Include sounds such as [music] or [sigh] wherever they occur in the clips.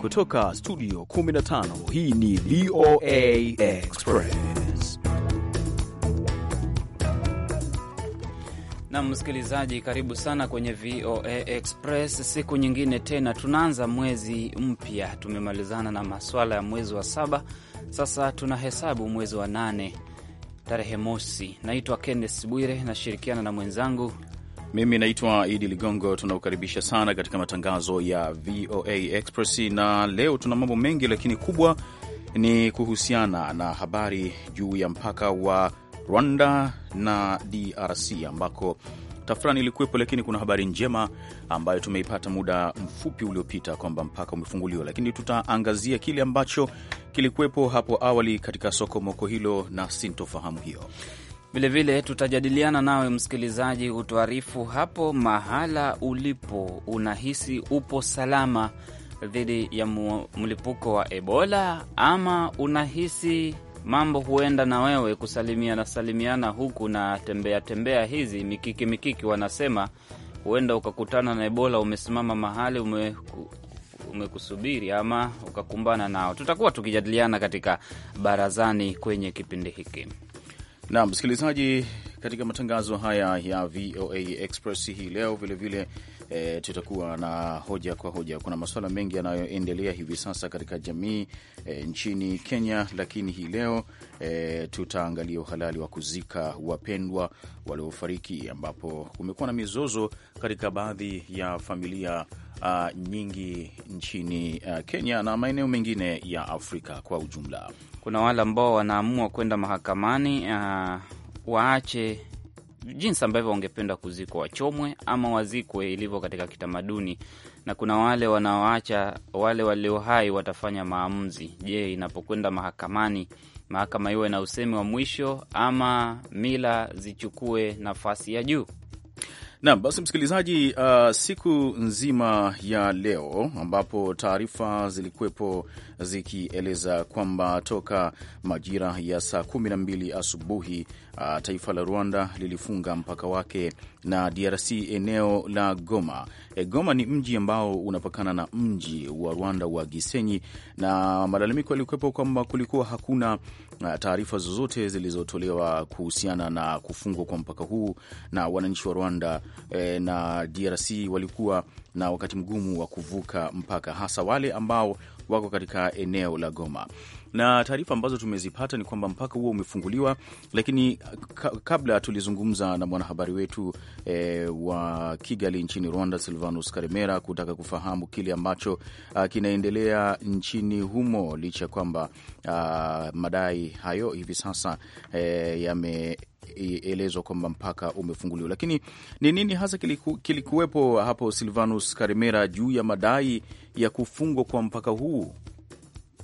Kutoka studio 15 hii ni VOA Express. Na msikilizaji, karibu sana kwenye VOA Express. Siku nyingine tena tunaanza mwezi mpya. Tumemalizana na maswala ya mwezi wa saba, sasa tunahesabu mwezi wa nane, tarehe mosi. Naitwa Kenneth Bwire, nashirikiana na mwenzangu mimi naitwa Idi Ligongo. Tunakukaribisha sana katika matangazo ya VOA Express, na leo tuna mambo mengi, lakini kubwa ni kuhusiana na habari juu ya mpaka wa Rwanda na DRC ambako tafrani ilikuwepo, lakini kuna habari njema ambayo tumeipata muda mfupi uliopita kwamba mpaka umefunguliwa, lakini tutaangazia kile ambacho kilikuwepo hapo awali katika sokomoko hilo na sintofahamu hiyo. Vilevile tutajadiliana nawe msikilizaji, utuarifu hapo mahala ulipo, unahisi upo salama dhidi ya mlipuko wa Ebola ama unahisi mambo huenda na wewe kusalimiana salimiana huku na tembea tembea hizi mikiki mikiki, wanasema huenda ukakutana na Ebola, umesimama mahali ume umekusubiri ama ukakumbana nao. Tutakuwa tukijadiliana katika barazani kwenye kipindi hiki na msikilizaji katika matangazo haya ya VOA Express hii leo vilevile vile, e, tutakuwa na hoja kwa hoja. Kuna masuala mengi yanayoendelea hivi sasa katika jamii e, nchini Kenya, lakini hii leo e, tutaangalia uhalali wa kuzika wapendwa waliofariki, ambapo kumekuwa na mizozo katika baadhi ya familia a, nyingi nchini a, Kenya na maeneo mengine ya Afrika kwa ujumla. Kuna wale ambao wanaamua kwenda mahakamani a, waache jinsi ambavyo wangependa kuzikwa, wachomwe ama wazikwe ilivyo katika kitamaduni, na kuna wale wanaoacha wale walio hai watafanya maamuzi. Je, inapokwenda mahakamani mahakama iwe na usemi wa mwisho ama mila zichukue nafasi ya juu? Naam, basi msikilizaji, uh, siku nzima ya leo ambapo taarifa zilikuwepo zikieleza kwamba toka majira ya saa mbili asubuhi a, uh, taifa la Rwanda lilifunga mpaka wake na DRC eneo la Goma. E, Goma ni mji ambao unapakana na mji wa Rwanda wa Gisenyi, na malalamiko yalikuwepo kwamba kulikuwa hakuna uh, taarifa zozote zilizotolewa kuhusiana na kufungwa kwa mpaka huu, na wananchi wa Rwanda e, na DRC walikuwa na wakati mgumu wa kuvuka mpaka, hasa wale ambao wako katika eneo la Goma na taarifa ambazo tumezipata ni kwamba mpaka huo umefunguliwa, lakini kabla tulizungumza na mwanahabari wetu e, wa Kigali nchini Rwanda, Silvanus Karemera, kutaka kufahamu kile ambacho a, ah, kinaendelea nchini humo licha ya kwamba ah, madai hayo hivi sasa e, eh, yame elezwa kwamba mpaka umefunguliwa, lakini ni nini hasa kiliku, kilikuwepo hapo Silvanus Karemera juu ya madai ya kufungwa kwa mpaka huu?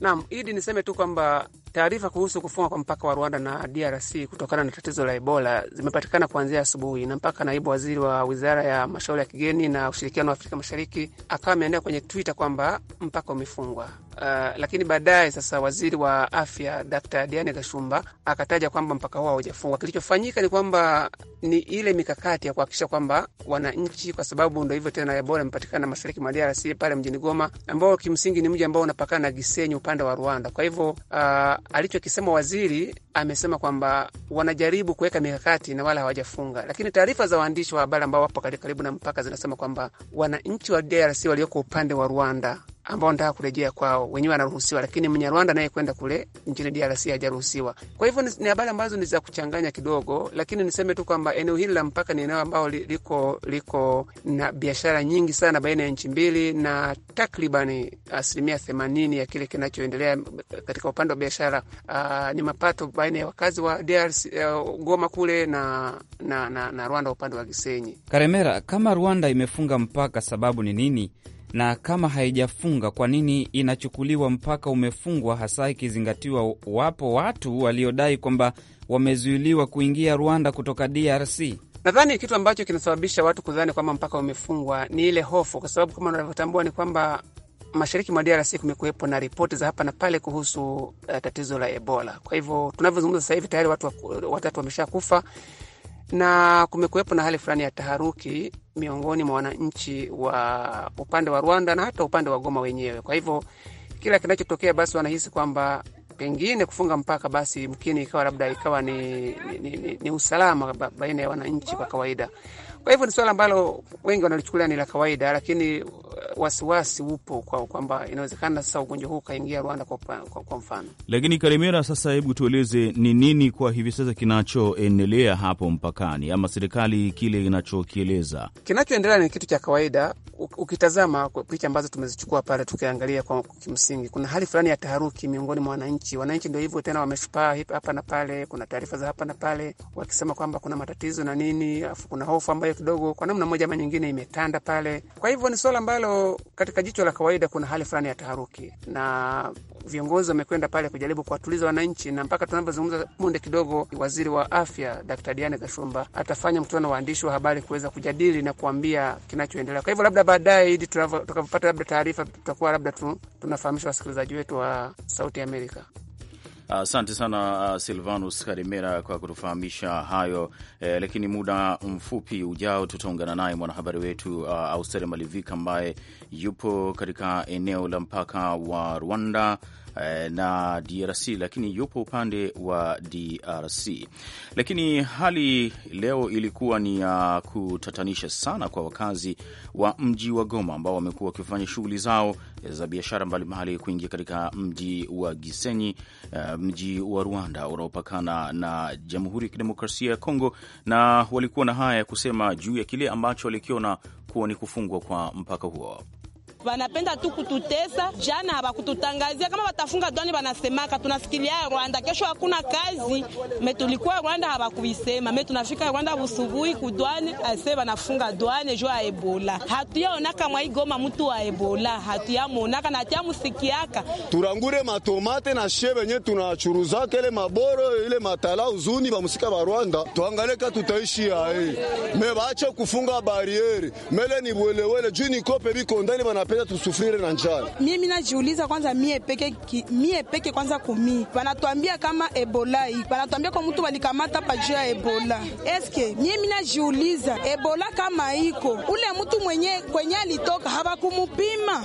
Naam, Idi, niseme tu kwamba Taarifa kuhusu kufungwa kwa mpaka wa Rwanda na DRC kutokana na tatizo la Ebola zimepatikana kuanzia asubuhi, na mpaka naibu waziri wa wizara ya mashauri ya kigeni na ushirikiano wa Afrika Mashariki akawa ameandika kwenye Twitter kwamba mpaka umefungwa. Uh, lakini baadaye sasa waziri wa afya Dr. Diane Gashumba akataja kwamba mpaka huo haujafungwa. Kilichofanyika ni kwamba ni ile mikakati ya kuhakikisha kwamba wananchi, kwa sababu ndo hivyo tena, Ebola imepatikana mashariki mwa DRC pale mjini Goma, ambao kimsingi ni mji ambao unapakana na Gisenyi upande wa Rwanda. Kwa hivyo uh, alichokisema waziri, amesema kwamba wanajaribu kuweka mikakati na wala hawajafunga, lakini taarifa za waandishi wa habari ambao wapo karibu na mpaka zinasema kwamba wananchi wa DRC walioko upande wa Rwanda ambao wanataka kurejea kwao wenyewe wanaruhusiwa, lakini Mnyarwanda naye kwenda kule nchini DRC hajaruhusiwa. Kwa hivyo ni habari ambazo ni za kuchanganya kidogo, lakini niseme tu kwamba eneo hili la mpaka ni eneo ambao liko liko na biashara nyingi sana baina ya nchi mbili, na takriban uh, asilimia themanini ya kile kinachoendelea katika upande wa biashara uh, ni mapato baina ya wakazi wa DRC uh, Goma kule na, na, na, na Rwanda upande wa Gisenyi. Karemera, kama Rwanda imefunga mpaka, sababu ni nini? na kama haijafunga kwa nini inachukuliwa mpaka umefungwa, hasa ikizingatiwa wapo watu waliodai kwamba wamezuiliwa kuingia Rwanda kutoka DRC? Nadhani kitu ambacho kinasababisha watu kudhani kwamba mpaka umefungwa ni ile hofu, kwa sababu kama unavyotambua ni kwamba mashariki mwa DRC kumekuwepo na ripoti za hapa na pale kuhusu uh, tatizo la Ebola. Kwa hivyo tunavyozungumza sasa hivi tayari watu watatu wamesha kufa na kumekuwepo na hali fulani ya taharuki miongoni mwa wananchi wa upande wa Rwanda na hata upande wa Goma wenyewe. Kwa hivyo kila kinachotokea basi wanahisi kwamba pengine kufunga mpaka basi mkini ikawa labda ikawa ni, ni, ni, ni usalama baina ya wananchi kwa kawaida. Kwa hivyo ni swala ambalo wengi wanalichukulia ni la kawaida, lakini uh, wasiwasi upo kwamba inawezekana sasa ugonjwa huu ukaingia Rwanda kwa, kwa, kwa mfano. Lakini Karimera, sasa hebu tueleze ni nini kwa hivi sasa kinachoendelea hapo mpakani, ama serikali kile inachokieleza kinachoendelea ni kitu cha kawaida. Ukitazama picha ambazo tumezichukua pale, tukiangalia kwa kimsingi, kuna hali fulani ya taharuki miongoni mwa wananchi. Wananchi ndio hivyo tena, wameshupaa hapa na pale, kuna taarifa za hapa na pale wakisema kwamba kuna matatizo na nini, afu kuna hofu ambayo kidogo kwa namna moja ama nyingine imetanda pale. Kwa hivyo ni swala ambalo katika jicho la kawaida kuna hali fulani ya taharuki, na viongozi wamekwenda pale kujaribu kuwatuliza wananchi, na mpaka tunavyozungumza punde kidogo, waziri wa afya d Diane Gashumba atafanya mkutano waandishi wa habari kuweza kujadili na kuambia kinachoendelea. Kwa hivyo labda baadaye, hidi tutakavyopata labda taarifa, tutakuwa labda tunafahamisha wasikilizaji wetu wa Sauti ya Amerika. Asante uh, sana uh, Silvanus Karimera kwa kutufahamisha hayo eh, lakini muda mfupi ujao tutaungana naye mwanahabari wetu uh, Austere Malivika ambaye yupo katika eneo la mpaka wa Rwanda Eh, na DRC, lakini yupo upande wa DRC. Lakini hali leo ilikuwa ni ya uh, kutatanisha sana kwa wakazi wa mji wa Goma ambao wamekuwa wakifanya shughuli zao za biashara mbalimbali kuingia katika mji wa Gisenyi, uh, mji wa Rwanda unaopakana na Jamhuri ya Kidemokrasia ya Kongo, na walikuwa na haya ya kusema juu ya kile ambacho walikiona kuwa ni kufungwa kwa mpaka huo. Wanapenda tu kututesa. Jana hawakututangazia kama watafunga dwani, wanasemaka tunasikilia Rwanda, kesho hakuna kazi. Me tulikuwa Rwanda hawakuisema, me, tunafika Rwanda busubuhi kudwani, ase wanafunga dwani juu ya Ebola. Hatuyaonaka mwa Igoma mtu wa Ebola, hatuyamonaka na hatuyamusikiaka. Turangure matomate na shie venye tunachuruzaka ile maboro ile matala uzuni vamusika va Rwanda, tuangaleka tutaishi hai me bache kufunga barieri mele ni welewele juu nikope bikondani banape tunapenda tusufiri na njala. Mie minajiuliza kwanza, mie peke mie peke kwanza kumi wanatuambia kama ebola hii wanatuambia kwa mtu walikamata pajuu ya ebola. Eske mie minajiuliza ebola kama iko ule mtu mwenye kwenye alitoka hawakumupima,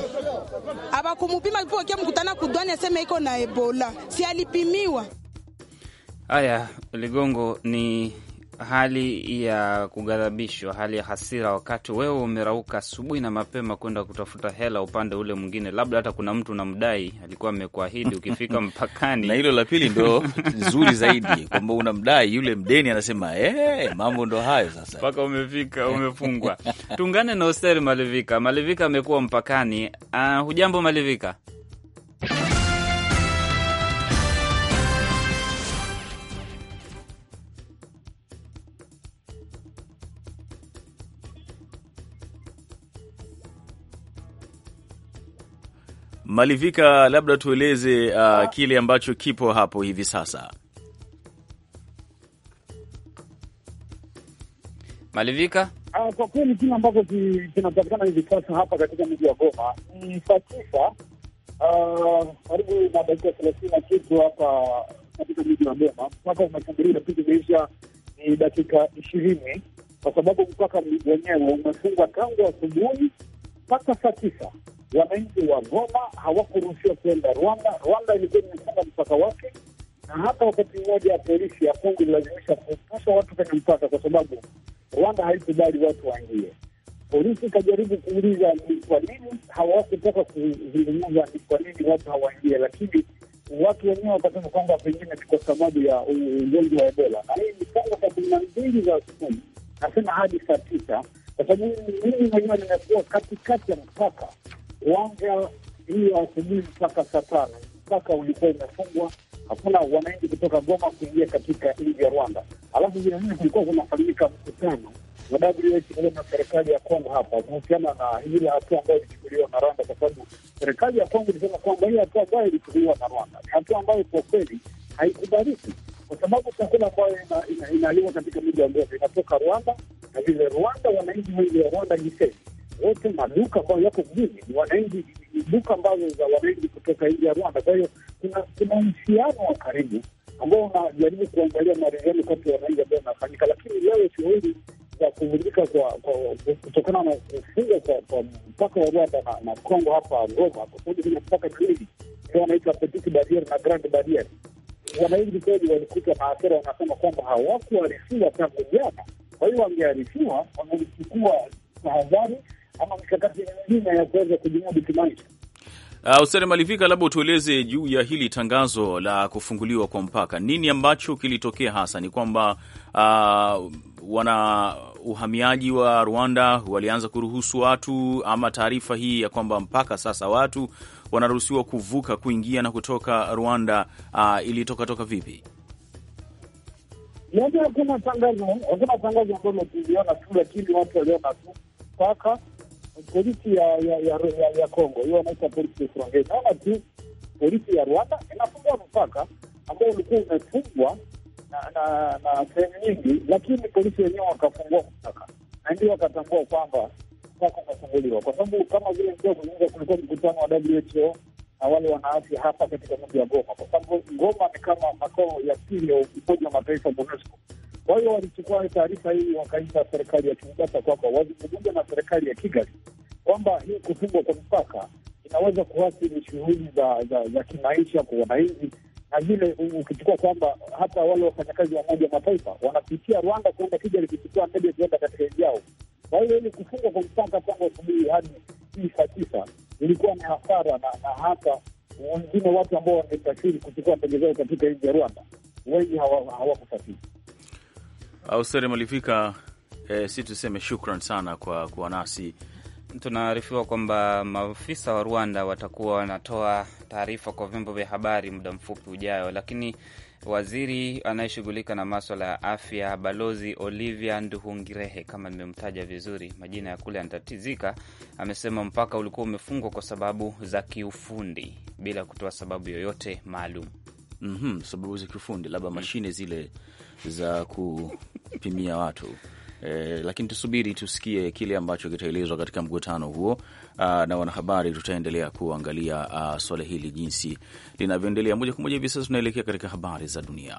hawakumupima alipokia mkutana kudwani aseme iko na ebola, si alipimiwa. Haya, Ligongo ni hali ya kugadhabishwa, hali ya hasira, wakati wewe umerauka asubuhi na mapema kwenda kutafuta hela upande ule mwingine, labda hata kuna mtu unamdai, alikuwa amekuahidi ukifika [laughs] mpakani. Na hilo la pili ndo [laughs] nzuri zaidi, kwamba unamdai yule mdeni, anasema eh, mambo ndo hayo sasa, mpaka umefika umefungwa. Tuungane na Hosteri Malivika. Malivika amekuwa mpakani. Uh, hujambo Malivika? Malivika, labda tueleze uh, kile ambacho kipo hapo hivi sasa. Malivika. Uh, kwa kweli kile ambacho kinapatikana hivi sasa hapa katika mji wa Goma ni saa tisa ah, karibu na dakika thelathini na kitu hapa katika mji wa Goma. Mpaka umefunguliwa vitu imeisha ni dakika ishirini kwa sababu mpaka wenyewe umefungwa tangu asubuhi mpaka saa tisa wananchi wa Goma hawakuruhusiwa kuenda Rwanda. Rwanda ilikuwa imefunga mpaka wake, na hata wakati mmoja ya polisi ya Kongo ililazimisha kupusha watu kwenye mpaka, kwa sababu Rwanda haikubali watu waingie. Polisi ikajaribu kuuliza ni kwa nini, hawakutaka kuzungumza ni kwa nini watu hawaingie, lakini watu wenyewe wakasema kwamba pengine ni kwa sababu ya ugonjwa wa Ebola, na hii ni tangu saa kumi na mbili za asubuhi, nasema hadi saa tisa, kwa sababu mimi mwenyewe nimekuwa katikati ya mpaka uwanja hiyo asubuhi mpaka saa tano mpaka ulikuwa umefungwa, hakuna wananchi kutoka Goma kuingia katika nchi ya Rwanda. Alafu vile vile kulikuwa kunafanyika mkutano wa WHO na serikali ya Kongo hapa kuhusiana na ile hatua ambayo ilichukuliwa na Rwanda, kwa sababu serikali ya Kongo ilisema kwamba hii hatua ambayo ilichukuliwa na Rwanda ni hatua ambayo kwa kweli haikubaliki, kwa sababu chakula ambayo inaliwa katika miji ya Goma inatoka Rwanda na vile Rwanda, wananchi wengi wa Rwanda ni jisei wote maduka ambayo yako mjini ni wananchi, duka ambazo za wananchi kutoka nje ya Rwanda. Kwa hiyo kuna uhusiano wa karibu ambao unajaribu kuangalia maridhiano kati ya wananchi ambayo anafanyika, lakini leo shughuli za kuvunjika kutokana na kufunga kwa mpaka wa Rwanda na Kongo hapa Goma, tofauti kuna mpaka miwili wanaita Petite Barriere na Grand Barriere. Wananchi kweli walikuta na hasira, wanasema kwamba hawakuarifiwa tangu jana. Kwa hiyo wangearifiwa, wangelichukua tahadhari ama mikakati mingine ya kuweza kujimudu kimaisha. Uh, ah, Ustare Malivika, labda utueleze juu ya hili tangazo la kufunguliwa kwa mpaka. Nini ambacho kilitokea hasa? Ni kwamba uh, wana uhamiaji wa Rwanda walianza kuruhusu watu, ama taarifa hii ya kwamba mpaka sasa watu wanaruhusiwa kuvuka kuingia na kutoka Rwanda uh, ilitoka toka vipi? hakuna tangazo, hakuna tangazo ambalo tuliona tu, lakini watu waliona tu mpaka polisi ya ya ya, ya, ya Kongo hiyo wanaita polisi ya Rwanda. Naona tu polisi ya Rwanda inafungua mpaka ambao ulikuwa umefungwa na na, na sehemu nyingi, lakini polisi wenyewe wakafungua mpaka na ndio wakatambua kwamba mpaka umefunguliwa, kwa sababu kama vile mdogo kulikuwa mkutano wa WHO na wale wanaafya hapa katika mji wa Goma, kwa sababu Goma ni kama makao ya pili ya Umoja wa Mataifa MONUSCO kwa hiyo walichukua taarifa hii wakaita serikali ya Kinshasa kwamba wazungumze na serikali ya Kigali kwamba hii kufungwa kwa mpaka inaweza kuathiri shughuli za, za, za kimaisha kwa wananchi, na vile ukichukua kwamba hata wale wafanyakazi wa Umoja wa Mataifa wanapitia Rwanda kuenda Kigali kuchukua ndege kuenda katika nchi yao. Kwa hiyo ili kufungwa kwa mpaka tangu asubuhi hadi hii saa tisa ilikuwa ni hasara na, na hata wengine watu ambao wamesafiri kuchukua ndege zao katika nchi ya Rwanda wengi hawakusafiri hawa ausere Malivika, eh, si tuseme shukran sana kwa kuwa nasi. Tunaarifiwa kwamba maafisa wa Rwanda watakuwa wanatoa taarifa kwa vyombo vya habari muda mfupi ujao, lakini waziri anayeshughulika na maswala ya afya Balozi Olivia Nduhungirehe, kama nimemtaja vizuri, majina ya kule yanatatizika, amesema mpaka ulikuwa umefungwa kwa sababu za kiufundi bila kutoa sababu yoyote maalum. Mm -hmm, sababu za kiufundi labda mm. mashine mm -hmm. zile za kupimia watu e, lakini tusubiri tusikie kile ambacho kitaelezwa katika mkutano huo. Aa, ah, na wanahabari tutaendelea kuangalia ah, swala hili jinsi linavyoendelea. Moja kwa moja hivi sasa tunaelekea katika habari za dunia.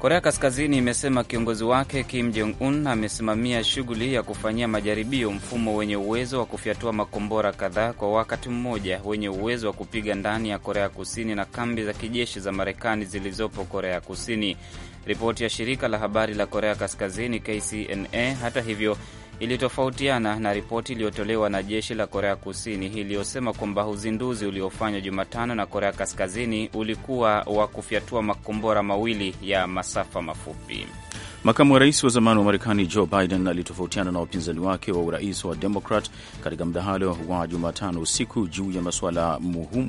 Korea Kaskazini imesema kiongozi wake Kim Jong Un amesimamia shughuli ya kufanyia majaribio mfumo wenye uwezo wa kufyatua makombora kadhaa kwa wakati mmoja wenye uwezo wa kupiga ndani ya Korea Kusini na kambi za kijeshi za Marekani zilizopo Korea Kusini. Ripoti ya shirika la habari la Korea Kaskazini KCNA hata hivyo ilitofautiana na ripoti iliyotolewa na jeshi la Korea Kusini iliyosema kwamba uzinduzi uliofanywa Jumatano na Korea Kaskazini ulikuwa wa kufyatua makombora mawili ya masafa mafupi. Makamu wa rais wa zamani wa Marekani Joe Biden alitofautiana na wapinzani wake wa urais wa Demokrat katika mdahalo wa Jumatano usiku juu ya masuala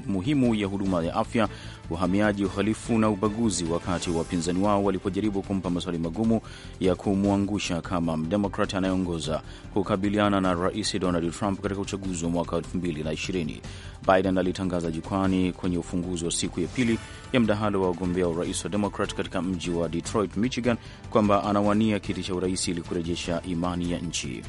muhimu ya huduma ya afya uhamiaji, uhalifu na ubaguzi, wakati wapinzani wao walipojaribu kumpa maswali magumu ya kumwangusha kama mdemokrati anayeongoza kukabiliana na rais Donald Trump katika uchaguzi wa mwaka 2020. Biden alitangaza jukwani kwenye ufunguzi wa siku ya pili ya mdahalo wa wagombea urais wa Demokrat katika mji wa Detroit, Michigan, kwamba anawania kiti cha urais ili kurejesha imani ya nchi.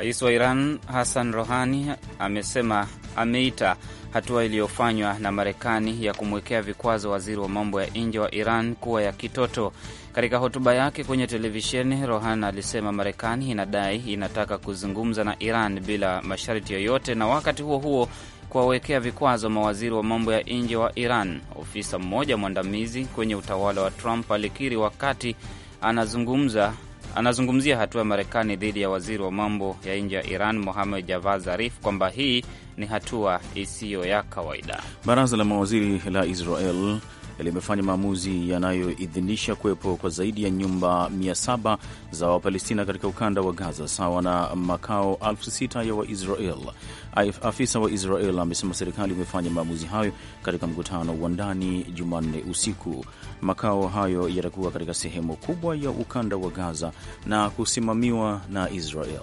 Rais wa Iran Hassan Rohani amesema ameita hatua iliyofanywa na Marekani ya kumwekea vikwazo waziri wa mambo ya nje wa Iran kuwa ya kitoto. Katika hotuba yake kwenye televisheni, Rohani alisema Marekani inadai inataka kuzungumza na Iran bila masharti yoyote, na wakati huo huo kuwawekea vikwazo mawaziri wa mambo ya nje wa Iran. Ofisa mmoja mwandamizi kwenye utawala wa Trump alikiri wakati anazungumza anazungumzia hatua ya Marekani dhidi ya waziri wa mambo ya nje ya Iran Mohamed Javad Zarif kwamba hii ni hatua isiyo ya kawaida. Baraza la mawaziri la Israel limefanya maamuzi yanayoidhinisha kuwepo kwa zaidi ya nyumba 700 za Wapalestina katika ukanda wa Gaza, sawa na makao 6 ya Waisrael. Afisa wa Israel amesema serikali imefanya maamuzi hayo katika mkutano wa ndani Jumanne usiku. Makao hayo yatakuwa katika sehemu kubwa ya ukanda wa Gaza na kusimamiwa na Israel.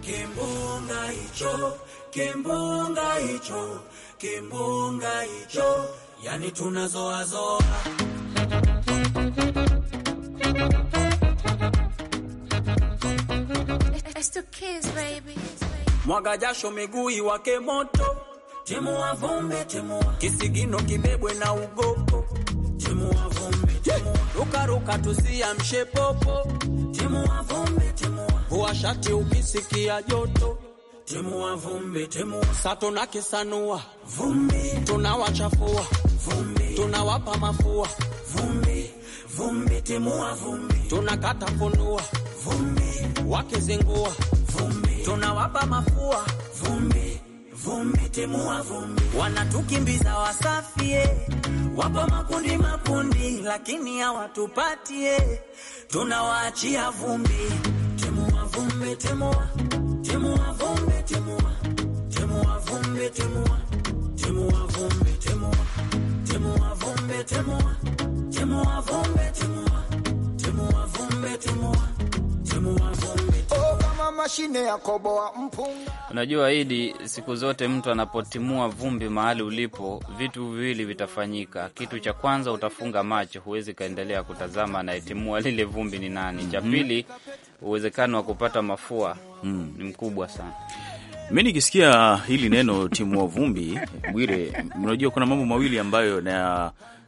Kimbunga hicho, kimbunga hicho kimbunga hicho, yani tunazoazoa mwaga jasho miguu wake moto timu timua vumbi timua kisigino kibebwe na ugoko timua vumbi timua rukaruka tusiamshe popo timua vumbi timua huwa shati ukisikia joto Timua vumbi, timua. Sa kisanua vumbi, tunawachafua vumbi, tunawapa mafua vumbi, vumbi, timua vumbi, tunakata funua vumbi, wakizingua vumbi, tunawapa mafua vumbi, vumbi, timua vumbi, wanatukimbiza wasafie wapo makundi makundi, lakini hawatupatie, tunawaachia vumbi. Timua vumbi, timua Temo avombe, temo, temo avombe, temo, temo avombe. mashine ya koboa mpunga. Unajua Idi, siku zote mtu anapotimua vumbi mahali ulipo, vitu viwili vitafanyika. Kitu cha kwanza utafunga macho, huwezi kaendelea kutazama anayetimua lile vumbi ni nani. Cha mhm. pili, uwezekano wa kupata mafua mm, ni mkubwa sana. Mi nikisikia hili neno timua vumbi, Bwire, unajua kuna mambo mawili ambayo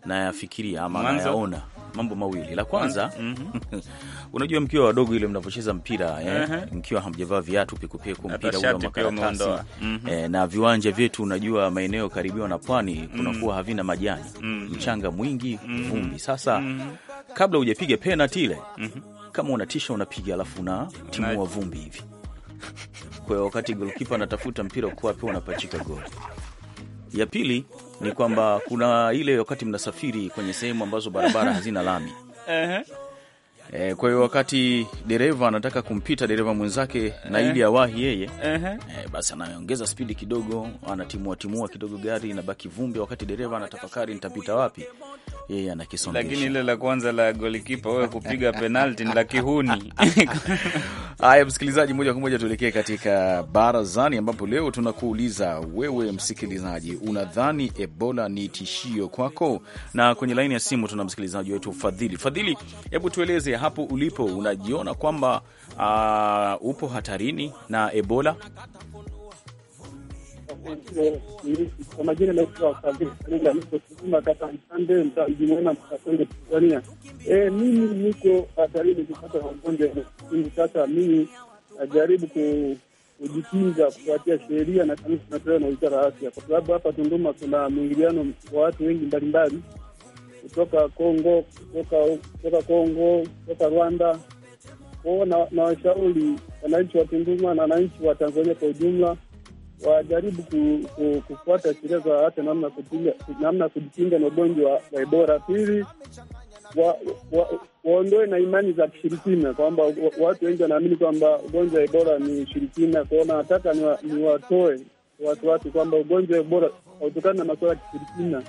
nayafikiria na ama nayaona mambo mawili. La kwanza mm -hmm. [laughs] unajua mkiwa wadogo ile mnavyocheza mpira eh, uh -huh. mkiwa hamjavaa viatu pekupeku mpira ule wa makaratasi mm -hmm. eh, na viwanja vyetu unajua maeneo karibiwa na pwani kunakuwa mm -hmm. havina majani mm -hmm. mchanga mwingi mm -hmm. vumbi. Sasa mm -hmm. kabla hujapiga penalti ile mm -hmm. kama unatisha unapiga alafu na timua vumbi hivi kwa wakati golkipa anatafuta mpira kuwape unapachika goli ya pili ni kwamba kuna ile wakati mnasafiri kwenye sehemu ambazo barabara hazina lami E, kwa hiyo wakati dereva anataka kumpita dereva mwenzake uh -huh. na ili awahi yeye uh -huh. e, basi anaongeza spidi kidogo, anatimuatimua kidogo, gari inabaki vumbi, wakati dereva anatafakari nitapita wapi yeye anakisongesha, lakini ile la kwanza la golikipa wewe kupiga penalti ni la kihuni. [laughs] Haya, msikilizaji, moja kwa moja tuelekee katika barazani, ambapo leo tunakuuliza wewe msikilizaji, unadhani Ebola ni tishio kwako? Na kwenye laini ya simu tuna msikilizaji wetu Fadhili. Fadhili, hebu tueleze hapo ulipo, unajiona kwamba uh, upo hatarini na Ebola? kwa majina naitwaaaande mtaji mwema Mkasonge, Tanzania. Mimi niko hatarini kupata magonjwa ini. Sasa mimi najaribu kujikinga kufuatia sheria na kanuni zinatolewa na wizara ya afya, kwa sababu hapa Tunduma kuna mwingiliano wa watu wengi mbalimbali kutoka Kongo, kutoka Kongo, kutoka Rwanda kwao, na washauri wananchi wa Tunduma na wananchi wa Tanzania kwa ujumla wajaribu ku, ku, kufuata sheria za afya, namna namna kujikinga na ugonjwa wa Ebola. Pili, waondoe wa, wa na imani za kishirikina, kwamba watu wengi wanaamini kwamba ugonjwa wa Ebola ni shirikina Kwao nataka niwatoe ni wasiwasi kwamba ugonjwa wa Ebola hautokani na masuala ya kishirikina,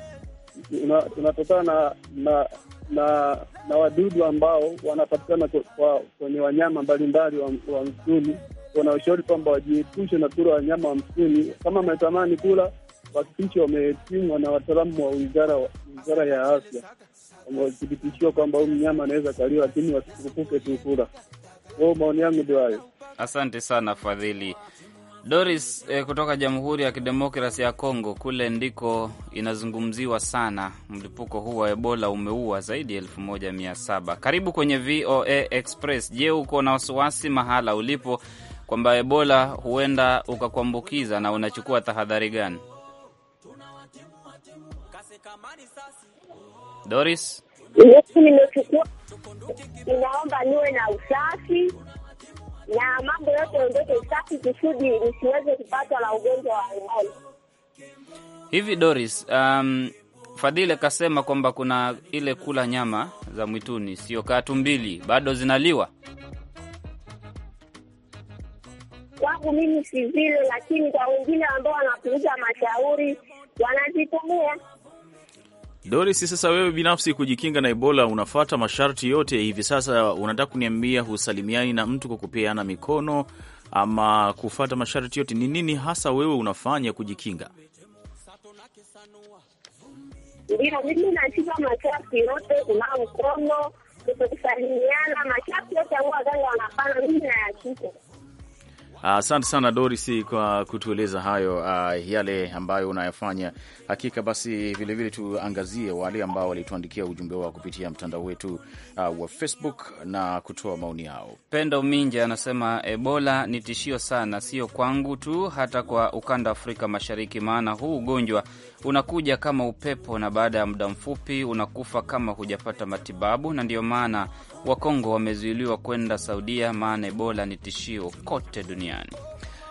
unatokana na, na na na wadudu ambao wanapatikana kwenye wanyama mbalimbali wa, wa wanashauri kwamba wajiepushe na kula wanyama wa msituni. Kama ametamani kula, wakikisha wameetimwa na wataalamu wa wizara ya afya, wamethibitishiwa kwamba huyu mnyama anaweza kaliwa, lakini wasikurupuke tu kula. Kwao maoni yangu ndio hayo. Asante sana Fadhili. Doris eh, kutoka Jamhuri ya Kidemokrasi ya Kongo, kule ndiko inazungumziwa sana. Mlipuko huu wa Ebola umeua zaidi ya elfu moja mia saba. Karibu kwenye VOA Express. Je, uko na wasiwasi mahala ulipo kwamba Ebola huenda ukakuambukiza na unachukua tahadhari gani? Doris, nimechukua, ninaomba niwe na usafi na mambo yote ondoke usafi kusudi nisiweze kupatwa na ugonjwa wa Ebola. Hivi Doris, um, Fadhili akasema kwamba kuna ile kula nyama za mwituni, sio kaa tumbili, bado zinaliwa Kwangu mimi si vile, lakini kwa wengine ambao wanapuuza mashauri wanazitumia. Doris, sasa wewe binafsi kujikinga na Ebola unafata masharti yote hivi sasa, unataka kuniambia husalimiani na mtu kwa kupeana mikono ama kufata masharti yote? Ni nini hasa wewe unafanya kujikinga? Ndio, mimi nashika masharti yote, kunao mkono, kutokusalimiana, masharti yote ambayo waganga wanapana, mimi nayashika. Asante uh, sana Doris kwa kutueleza hayo uh, yale ambayo unayafanya. Hakika basi, vilevile tuangazie wale ambao walituandikia ujumbe wao kupitia mtandao wetu uh, wa Facebook na kutoa maoni yao. Pendo Minja anasema Ebola ni tishio sana, sio kwangu tu, hata kwa ukanda wa Afrika Mashariki, maana huu ugonjwa unakuja kama upepo na baada ya muda mfupi unakufa kama hujapata matibabu, na ndiyo maana Wakongo wamezuiliwa kwenda Saudia maana Ebola ni tishio kote duniani.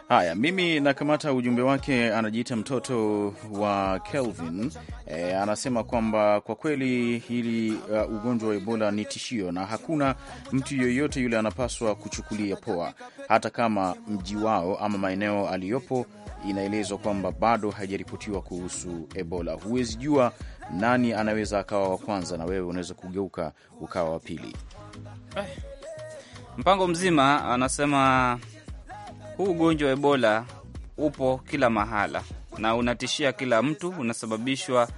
Haya, mimi nakamata ujumbe wake, anajiita mtoto wa Kelvin. E, anasema kwamba kwa kweli hili uh, ugonjwa wa Ebola ni tishio na hakuna mtu yoyote yule anapaswa kuchukulia poa, hata kama mji wao ama maeneo aliyopo inaelezwa kwamba bado haijaripotiwa kuhusu Ebola. Huwezi jua nani anaweza akawa wa kwanza, na wewe unaweza kugeuka ukawa wa pili. Eh, mpango mzima. Anasema huu ugonjwa wa Ebola upo kila mahala na unatishia kila mtu, unasababishwa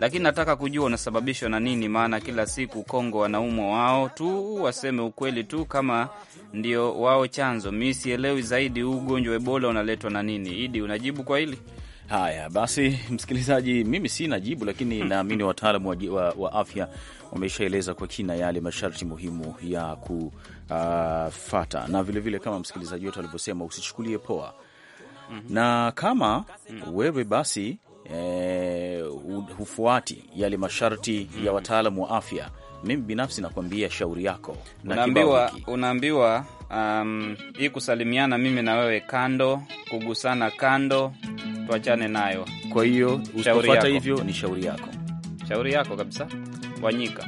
lakini nataka kujua unasababishwa na nini? Maana kila siku Kongo wanaumwa wao tu, waseme ukweli tu kama ndio wao chanzo. Mi sielewi zaidi huu ugonjwa wa Ebola unaletwa na nini. Idi, unajibu kwa hili? Haya basi, msikilizaji, mimi sina jibu, lakini hmm. naamini wataalamu wa, wa, wa afya wameshaeleza kwa kina yale masharti muhimu ya kufata, na vilevile vile kama msikilizaji wetu alivyosema, usichukulie poa mm -hmm. na kama mm -hmm. wewe basi e, hufuati yale masharti mm -hmm. ya mhm. wataalamu wa afya, mimi binafsi nakuambia shauri yako, unaambiwa unaambiwa um, hii kusalimiana mimi na wewe kando, kugusana kando, tuachane nayo. Kwa hiyo usifuata hivyo, ni shauri yako, shauri yako kabisa kufanyika.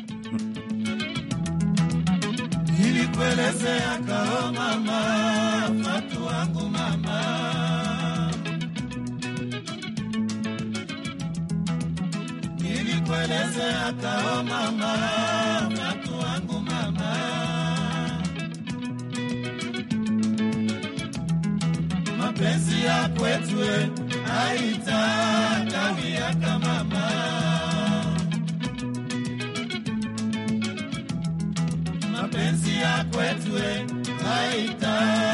Nilikuelezea kao mama, watu wangu mama Nilikuelezea kao mama, watu wangu mama, mapenzi ya kwetu eh, aita kama mama kuja kwetu haita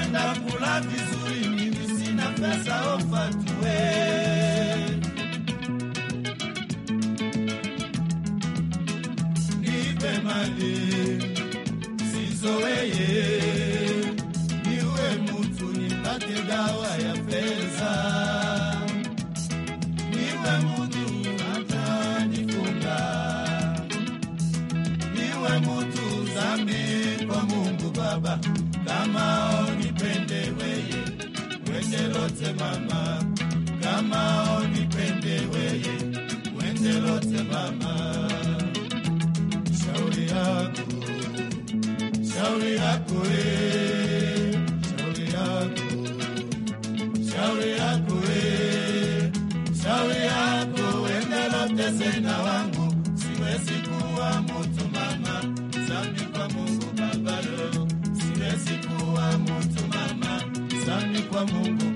napenda kula vizuri, mimi sina pesa ofatue nipe mali sizoweye lote mama, kama unipende weye, wende lote mama. Shauri yako, shauri yako we, eh. shauri yako, shauri yako we, eh. shauri yako, wende lote sena wangu, siwezi kuwa mutu mama, zambi kwa Mungu babalo, siwezi kuwa mutu mama, zambi kwa Mungu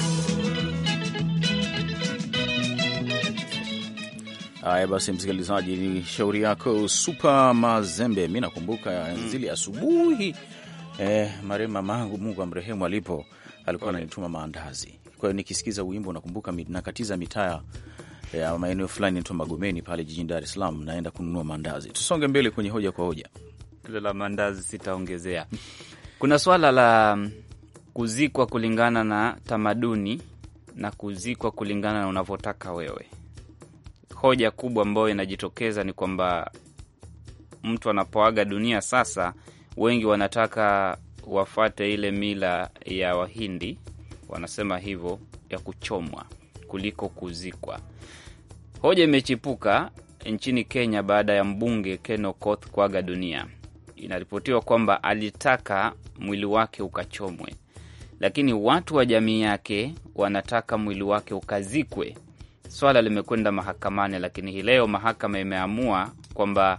Haya basi, msikilizaji, ni shauri yako. Supa Mazembe, mi nakumbuka zile asubuhi eh, marehemu mamangu, Mungu amrehemu, alipo alikuwa ananituma maandazi. Kwa hiyo nikisikiza wimbo nakumbuka nakatiza mitaa ya maeneo fulani naitwa Magomeni pale jijini Dar es Salaam, naenda kununua maandazi. Tusonge mbele kwenye hoja kwa hoja. Kilo la maandazi sitaongezea. Kuna swala la kuzikwa kulingana na tamaduni na kuzikwa kulingana na unavyotaka wewe hoja kubwa ambayo inajitokeza ni kwamba mtu anapoaga dunia sasa, wengi wanataka wafate ile mila ya Wahindi, wanasema hivyo, ya kuchomwa kuliko kuzikwa. Hoja imechipuka nchini Kenya baada ya mbunge Ken Okoth kuaga dunia. Inaripotiwa kwamba alitaka mwili wake ukachomwe, lakini watu wa jamii yake wanataka mwili wake ukazikwe swala limekwenda mahakamani, lakini hii leo mahakama imeamua kwamba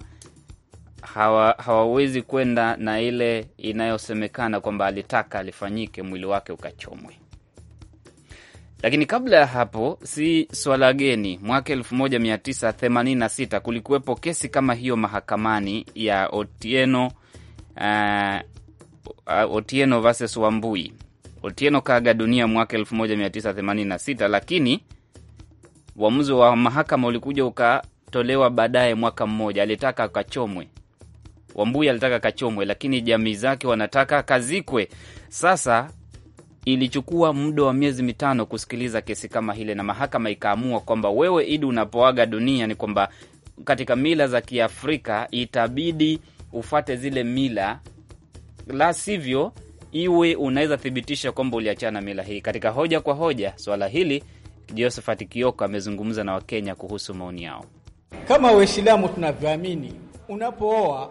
hawa, hawawezi kwenda na ile inayosemekana kwamba alitaka alifanyike mwili wake ukachomwe. Lakini kabla ya hapo si swala geni. Mwaka 1986 kulikuwepo kesi kama hiyo mahakamani ya Otieno, eh, uh, Otieno versus Wambui. Otieno kaaga dunia mwaka 1986 lakini Uamuzi wa mahakama ulikuja ukatolewa baadaye mwaka mmoja. Alitaka akachomwe, Wambuya alitaka akachomwe, lakini jamii zake wanataka akazikwe. Sasa ilichukua muda wa miezi mitano kusikiliza kesi kama hile, na mahakama ikaamua kwamba wewe, Idi, unapoaga dunia ni kwamba katika mila za Kiafrika itabidi ufate zile mila, la sivyo iwe unaweza thibitisha kwamba uliachana mila hii. Katika hoja kwa hoja, swala hili Josephat Kioko amezungumza na Wakenya kuhusu maoni yao. Kama Waislamu tunavyoamini, unapooa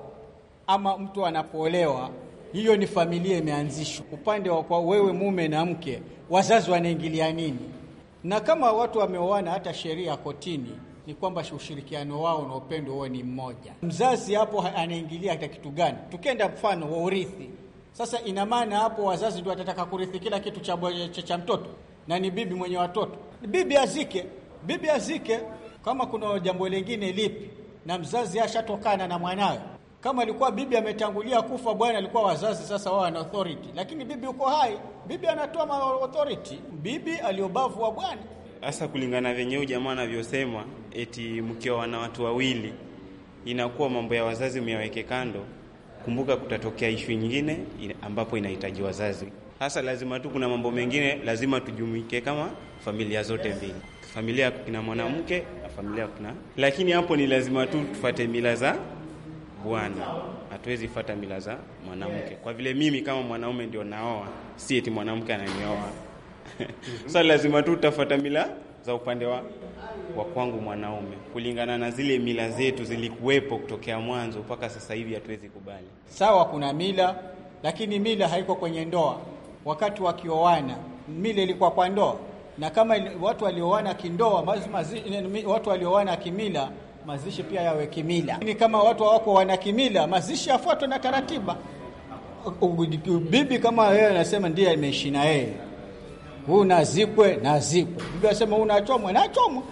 ama mtu anapoolewa, hiyo ni familia imeanzishwa. Upande wa kwa wewe mume na mke, wazazi wanaingilia nini? Na kama watu wameoana, hata sheria kotini ni kwamba ushirikiano wao na upendo huo ni mmoja. Mzazi hapo anaingilia hata kitu gani? Tukenda mfano wa urithi sasa, ina maana hapo wazazi ndio watataka kurithi kila kitu cha, cha, cha mtoto na ni bibi mwenye watoto, bibi azike, bibi azike. Kama kuna jambo lingine lipi, na mzazi ashatokana na mwanawe. Kama alikuwa bibi ametangulia kufa, bwana alikuwa wazazi sasa wao ana authority, lakini bibi uko hai, bibi anatoa ma authority, bibi aliobavu wa bwana. Sasa kulingana huyu jamaa anavyosema, eti mkiwa na watu wawili inakuwa mambo ya wazazi umeyaweke kando. Kumbuka kutatokea ishu nyingine ambapo inahitaji wazazi hasa lazima tu, kuna mambo mengine lazima tujumuike kama familia zote mbili, familia ya kina mwanamke na familia kina, lakini hapo ni lazima tu tufate mila za bwana, hatuwezi fata mila za mwanamke, kwa vile mimi kama mwanaume ndio naoa, si eti mwanamke ananioa. [laughs] so, lazima tu tutafata mila za upande wa wa kwangu mwanaume kulingana na zile mila zetu zilikuwepo kutokea mwanzo mpaka sasa hivi, hatuwezi kubali. Sawa, kuna mila, lakini mila haiko kwenye ndoa wakati wakioana, mila ilikuwa kwa ndoa, na kama watu walioana kindoa watu walioana kimila mazishi pia yawe kimila. Ni kama watu wako wana kimila, mazishi yafuatwe na taratiba. Bibi kama yeye anasema ndiye ameishi na yeye, huu nazikwe, nazikwe. Bibi anasema huu nachomwe, nachomwe.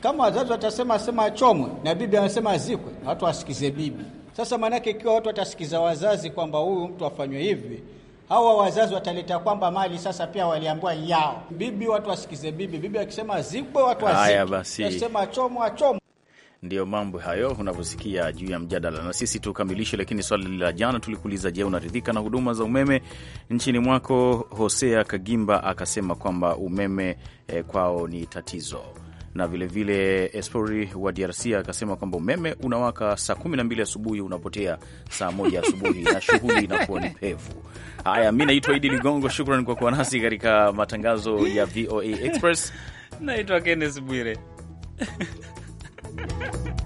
Kama wazazi watasema asema achomwe, na bibi anasema azikwe, na watu wasikize bibi. Sasa maanake, ikiwa watu watasikiza wazazi kwamba huyu mtu afanywe hivi hawa wazazi wataleta kwamba mali sasa pia waliambiwa yao. Bibi watu wasikize bibi, bibi akisema zibwe watu wazike, akisema chomwa Ndiyo mambo hayo unavyosikia juu ya mjadala, na sisi tukamilishe. Lakini swali la jana tulikuuliza, je, unaridhika na huduma za umeme nchini mwako? Hosea Kagimba akasema kwamba umeme eh, kwao ni tatizo na vilevile Espori wa DRC akasema kwamba umeme unawaka saa 12 asubuhi unapotea saa moja asubuhi na shughuli inakuwa ni pevu. Haya, mi naitwa Idi Ligongo, shukran kwa kuwa nasi katika matangazo ya VOA Express. Naitwa Kennes Bwire. [laughs]